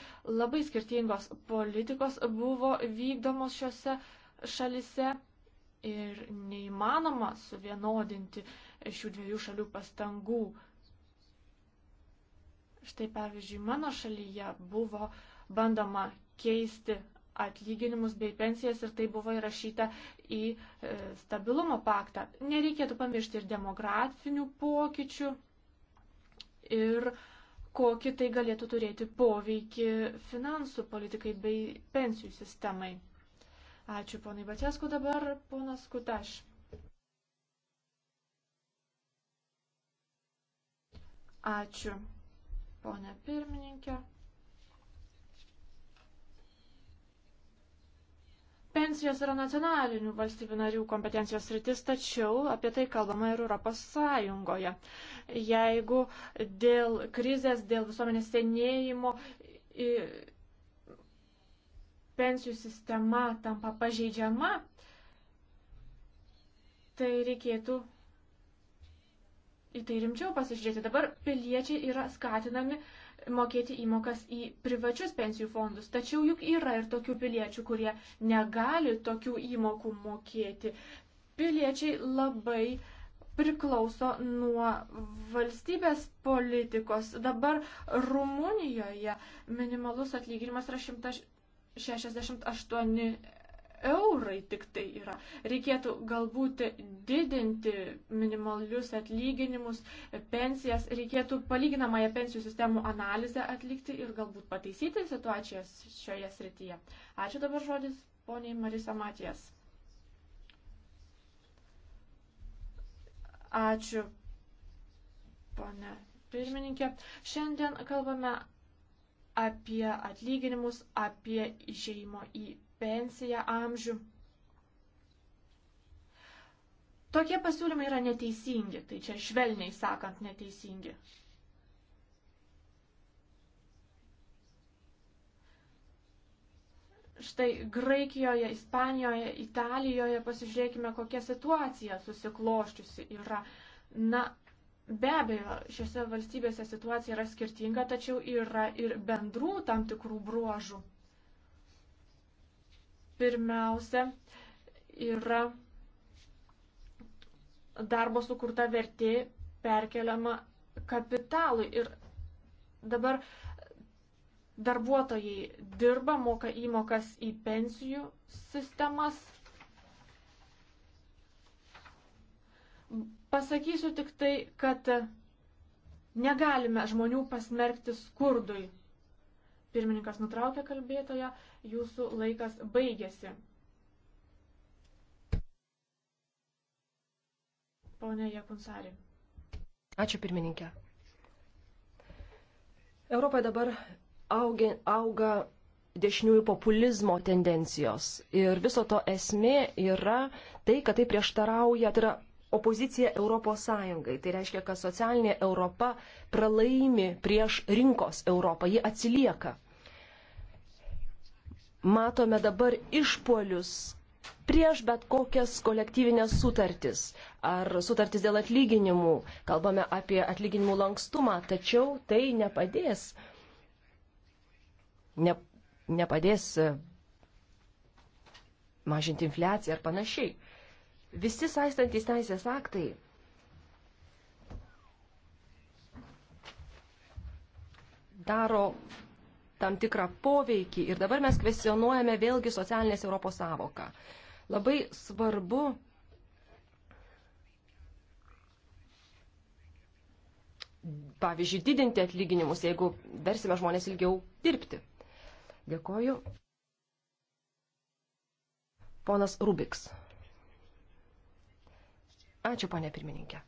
A: Labai skirtingos politikos buvo vykdomos šiuose šalise ir neįmanoma suvienodinti šių dviejų šalių pastangų. Štai pavyzdžiui, mano šalyje buvo bandoma keisti atlyginimus bei pensijas ir tai buvo įrašyta į e, stabilumo paktą. Nereikėtų pamiršti ir demografinių pokyčių ir kokį tai galėtų turėti poveikį finansų politikai bei pensijų sistemai. Ačiū ponai Bačiasku, dabar ponas Kutaš. Ačiū, ponė pirmininkė. Pensijos yra nacionalinių valstybių narių kompetencijos rytis, tačiau apie tai kalbama ir Europos Sąjungoje. Jeigu dėl krizės, dėl visuomenės senėjimo pensijų sistema tampa pažeidžiama, tai reikėtų į tai rimčiau pasižiūrėti. Dabar piliečiai yra skatinami uh, mokėti įmokas į privačius pensijų fondus. Tačiau juk yra ir tokių piliečių, kurie negali tokių įmokų mokėti. Piliečiai labai priklauso nuo valstybės politikos. Dabar Rumunijoje minimalus atlyginimas yra 168 eurai tik tai yra. Reikėtų galbūt didinti minimalius atlyginimus, pensijas, reikėtų palyginamąją pensijų sistemų analizę atlikti ir galbūt pataisyti situacijas šioje srityje. Ačiū dabar žodis poniai Marisa Matijas. Ačiū, ponė pirmininkė. Šiandien kalbame apie atlyginimus, apie išeimo į pensiją, amžių. Tokie pasiūlymai yra neteisingi, tai čia švelniai sakant neteisingi. Štai Graikijoje, Ispanijoje, Italijoje pasižiūrėkime, kokia situacija susikloščiusi yra. Na, Be abejo, šiuose valstybėse situacija yra skirtinga, tačiau yra ir bendrų tam tikrų bruožų pirmiausia yra darbo sukurta vertė perkeliama kapitalui. Ir dabar darbuotojai dirba, moka įmokas į pensijų sistemas. Pasakysiu tik tai, kad negalime žmonių pasmerkti skurdui. Pirmininkas nutraukė kalbėtoją, jūsų laikas baigėsi. Pone Jekunsari.
C: Ačiū pirmininkė. Europoje dabar augia, auga dešiniųjų populizmo tendencijos. Ir viso to esmė yra tai, kad tai prieštarauja, tai yra opozicija Europos Sąjungai. Tai reiškia, kad socialinė Europa pralaimi prieš rinkos Europą, ji atsilieka. Matome dabar išpolius prieš bet kokias kolektyvinės sutartis ar sutartis dėl atlyginimų. Kalbame apie atlyginimų lankstumą, tačiau tai nepadės. Ne, nepadės e, mažinti infliaciją ar panašiai. Visi saistantys teisės aktai daro tam tikrą poveikį ir dabar mes kvesionuojame vėlgi socialinės Europos savoką. Labai svarbu pavyzdžiui, didinti atlyginimus, jeigu versime žmonės ilgiau dirbti. Dėkoju. Ponas Rubiks. Ačiū, ponė pirmininkė.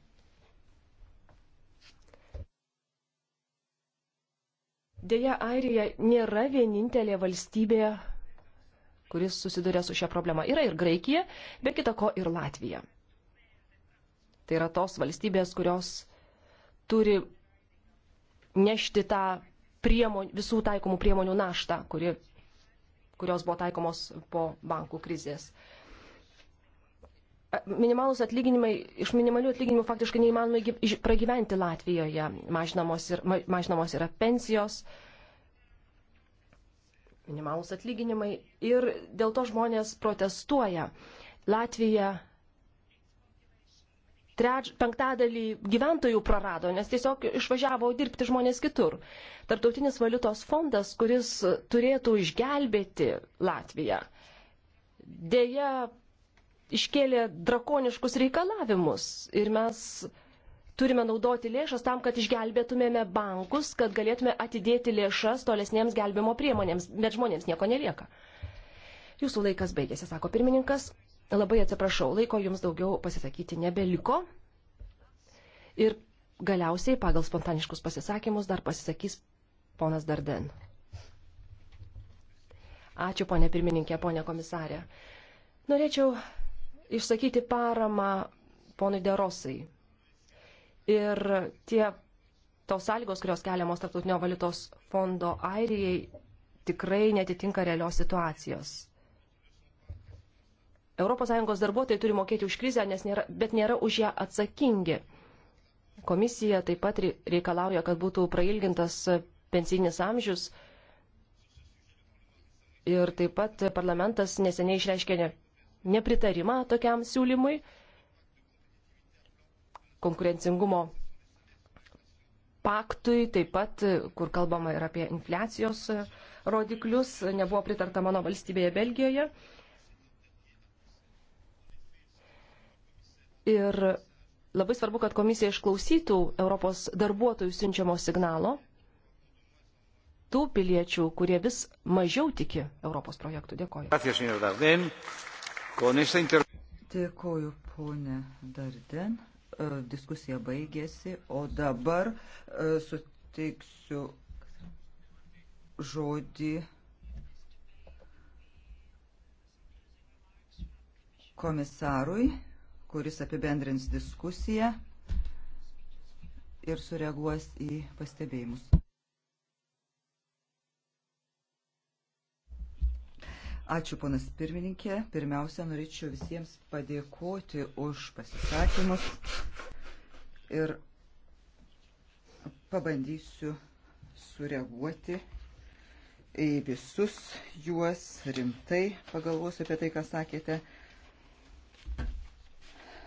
C: Deja, Airija nėra vienintelė valstybė, kuris susiduria su šia problema. Yra ir Graikija, be kita ko ir Latvija. Tai yra tos valstybės, kurios turi nešti tą priemon, visų taikomų priemonių naštą, kuri, kurios buvo taikomos po bankų krizės. Uh, minimalus atlyginimai, iš minimalių atlyginimų faktiškai neįmanoma pragyventi Latvijoje. Mažinamos, ir, mažinamos yra pensijos, minimalus atlyginimai ir dėl to žmonės protestuoja. Latvija treč, penktadalį gyventojų prarado, nes tiesiog išvažiavo dirbti žmonės kitur. Tartautinis valiutos fondas, kuris turėtų išgelbėti Latviją, dėja iškėlė drakoniškus reikalavimus ir mes turime naudoti lėšas tam, kad išgelbėtumėme bankus, kad galėtume atidėti lėšas tolesniems gelbimo priemonėms, bet žmonėms nieko nelieka. Jūsų laikas baigėsi, sako pirmininkas. Labai atsiprašau, laiko jums daugiau pasisakyti nebeliko. Ir galiausiai pagal spontaniškus pasisakymus dar pasisakys ponas Darden. Ačiū, ponė pirmininkė, ponė komisarė. Norėčiau išsakyti paramą ponui Derosai. Ir tie tos sąlygos, kurios keliamos Tarptautinio valiutos fondo Airijai, tikrai netitinka realios situacijos. ES darbuotojai turi mokėti už krizę, nėra, bet nėra už ją atsakingi. Komisija taip pat reikalauja, kad būtų prailgintas pensinis amžius. Ir taip pat parlamentas neseniai išreiškė nepritarimą tokiam siūlymui. Konkurencingumo paktui taip pat, kur kalbama ir apie infliacijos rodiklius, nebuvo pritarta mano valstybėje Belgijoje. Ir labai svarbu, kad komisija išklausytų Europos darbuotojų siunčiamo signalo tų piliečių, kurie vis mažiau tiki Europos projektų. Dėkoju.
B: Gracias, Dėkoju, ponė Darden. E, diskusija baigėsi, o dabar e, suteiksiu žodį komisarui, kuris apibendrins diskusiją ir sureaguos į pastebėjimus. Ačiū, ponas pirmininkė. Pirmiausia, norėčiau visiems padėkoti už pasisakymus ir pabandysiu sureaguoti į visus juos rimtai, pagalvosiu apie tai, ką sakėte.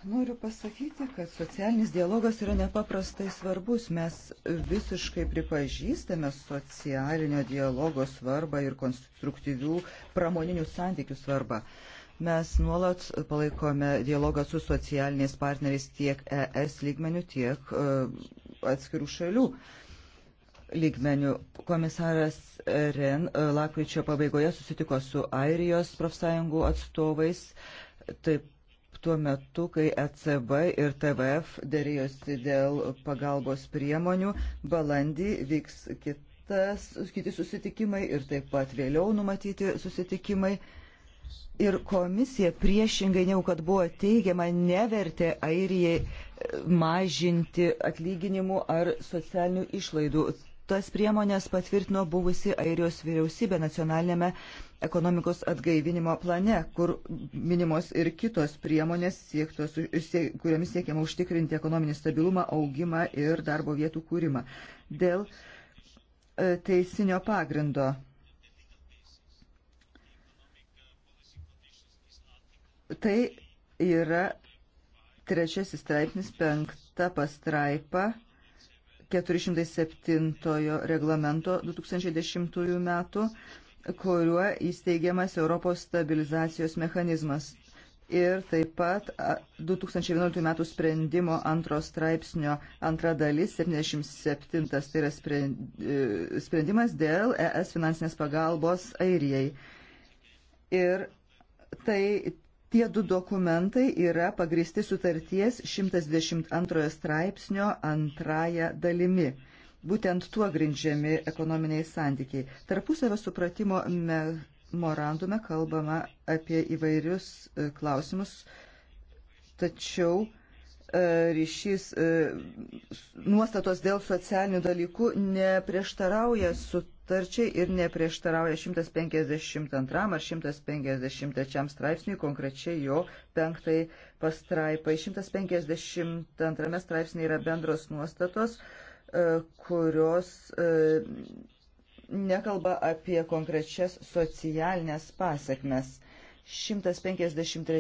B: Noriu pasakyti, kad socialinis dialogas yra nepaprastai svarbus. Mes visiškai pripažįstame socialinio dialogo svarbą ir konstruktyvių pramoninių santykių svarbą. Mes nuolat palaikome dialogą su socialiniais partneriais tiek ES lygmenių, tiek e, atskirų šalių lygmenių. Komisaras Ren e, lapkričio pabaigoje susitiko su Airijos profsąjungų atstovais. Taip tuo metu, kai ECB ir TVF dėrėjosi dėl pagalbos priemonių. Balandį vyks kitas, kiti susitikimai ir taip pat vėliau numatyti susitikimai. Ir komisija priešingai, negu kad buvo teigiama, nevertė Airijai e, mažinti atlyginimų ar socialinių išlaidų tas priemonės patvirtino buvusi Airijos vyriausybė nacionalinėme ekonomikos atgaivinimo plane, kur minimos ir kitos priemonės, siektos, siek, kuriamis siekiama užtikrinti ekonominį stabilumą, augimą ir darbo vietų kūrimą. Dėl e, teisinio pagrindo. Tai yra trečiasis straipsnis, penkta pastraipa 407 reglamento 2010 metų, kuriuo įsteigiamas Europos stabilizacijos mechanizmas. Ir taip pat 2011 metų sprendimo antro straipsnio antra dalis 77, tai yra e, sprendimas dėl ES finansinės pagalbos Airijai. Ir tai Tie du dokumentai yra pagristi sutarties 112 straipsnio antraja dalimi. Būtent tuo grindžiami ekonominiai santykiai. Tarpusavio supratimo memorandume kalbama apie įvairius e, klausimus, tačiau e, ryšys e, nuostatos dėl socialinių dalykų neprieštarauja su sutarčiai ir neprieštarauja 152 ar 153 straipsniui, konkrečiai jo penktai pastraipai. 152 straipsniai yra bendros nuostatos, e, kurios e, nekalba apie konkrečias socialinės pasiekmes. 153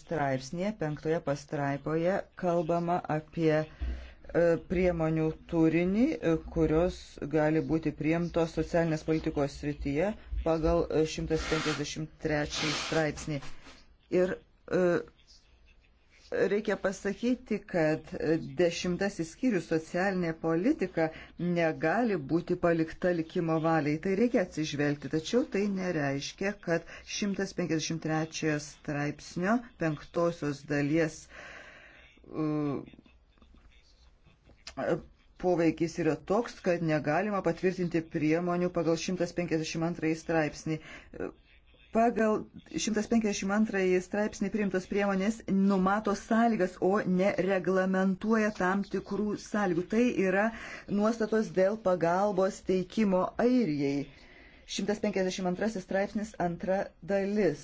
B: straipsnėje, penktoje pastraipoje, kalbama apie E, priemonių turinį, e, kurios gali būti priimtos socialinės politikos srityje pagal 153 e, straipsnį. Ir reikia pasakyti, kad dešimtasis skyrius socialinė politika negali būti palikta likimo valiai. Tai reikia atsižvelgti, tačiau tai nereiškia, kad 153 straipsnio penktosios dalies uh, poveikis yra toks, kad negalima patvirtinti priemonių pagal 152 straipsnį. Pagal 152 straipsnį priimtos priemonės numato sąlygas, o nereglamentuoja tam tikrų sąlygų. Tai yra nuostatos dėl pagalbos teikimo Airijai. 152 straipsnis antra dalis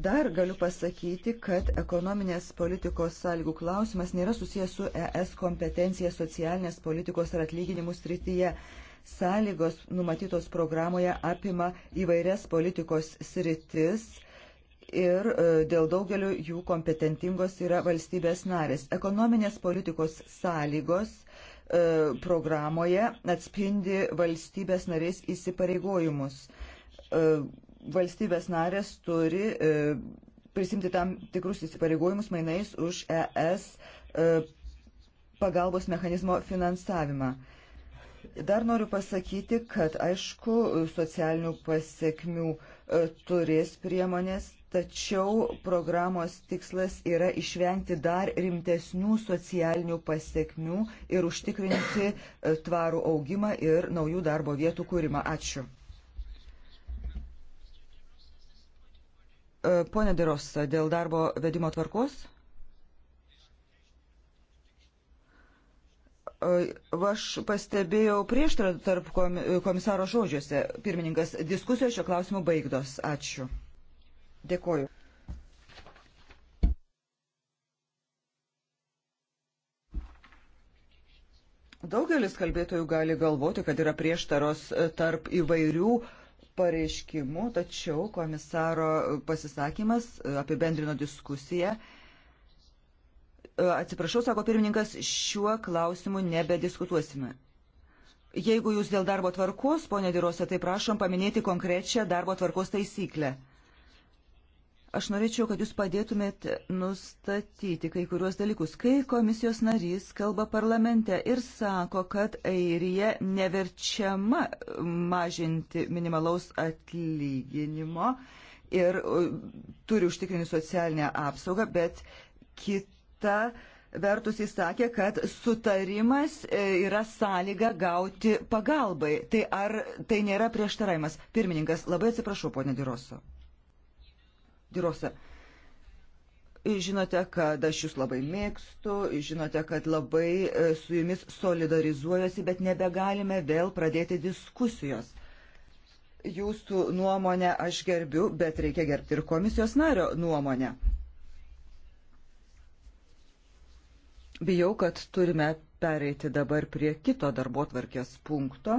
B: Dar galiu pasakyti, kad ekonominės politikos sąlygų klausimas nėra susijęs su ES kompetencija socialinės politikos ar atlyginimų srityje. Sąlygos numatytos programoje apima įvairias politikos sritis ir e, dėl daugelio jų kompetentingos yra valstybės narės. Ekonominės politikos sąlygos e, programoje atspindi valstybės narės įsipareigojimus e, valstybės narės turi e, prisimti tam tikrus įsipareigojimus mainais už ES e, pagalbos mechanizmo finansavimą. Dar noriu pasakyti, kad aišku, socialinių pasiekmių e, turės priemonės, tačiau programos tikslas yra išvengti dar rimtesnių socialinių pasiekmių ir užtikrinti tvarų augimą ir naujų darbo vietų kūrimą. Ačiū. E, Pone Derosa, dėl darbo vedimo tvarkos. E, aš pastebėjau prieštarą tarp komisaro žodžiuose. Pirmininkas, diskusijos šio klausimu baigdos. Ačiū. Dėkoju. Daugelis kalbėtojų gali galvoti, kad yra prieštaros e, tarp įvairių uh, pareiškimu, tačiau komisaro pasisakymas e, apibendrino diskusiją. E, atsiprašau, sako pirmininkas, šiuo klausimu nebediskutuosime. Jeigu jūs dėl darbo tvarkos, ponė Dirose, tai prašom paminėti konkrečią darbo tvarkos taisyklę. Aš norėčiau, kad jūs padėtumėt nustatyti kai kuriuos dalykus. Kai komisijos narys kalba parlamente ir sako, kad Airija neverčiama mažinti minimalaus atlyginimo ir turi užtikrinti socialinę apsaugą, bet kita vertus jis sakė, kad sutarimas e, yra sąlyga gauti pagalbai. Tai ar tai nėra prieštaravimas? Pirmininkas, labai atsiprašau, ponė Diroso dirose. Žinote, kad aš jūs labai mėgstu, žinote, kad labai e, su jumis solidarizuojuosi, bet nebegalime vėl pradėti diskusijos. Jūsų nuomonę aš gerbiu, bet reikia gerbti ir komisijos nario nuomonę. Bijau, kad turime pereiti dabar prie kito darbo tvarkės punkto.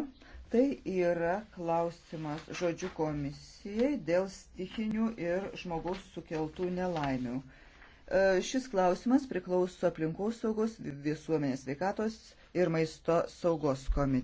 B: Tai yra klausimas žodžių komisijai dėl stikinių ir žmogaus sukeltų nelaimių. E, šis klausimas priklauso aplinkaus saugos, visuomenės veikatos ir maisto saugos komitetui.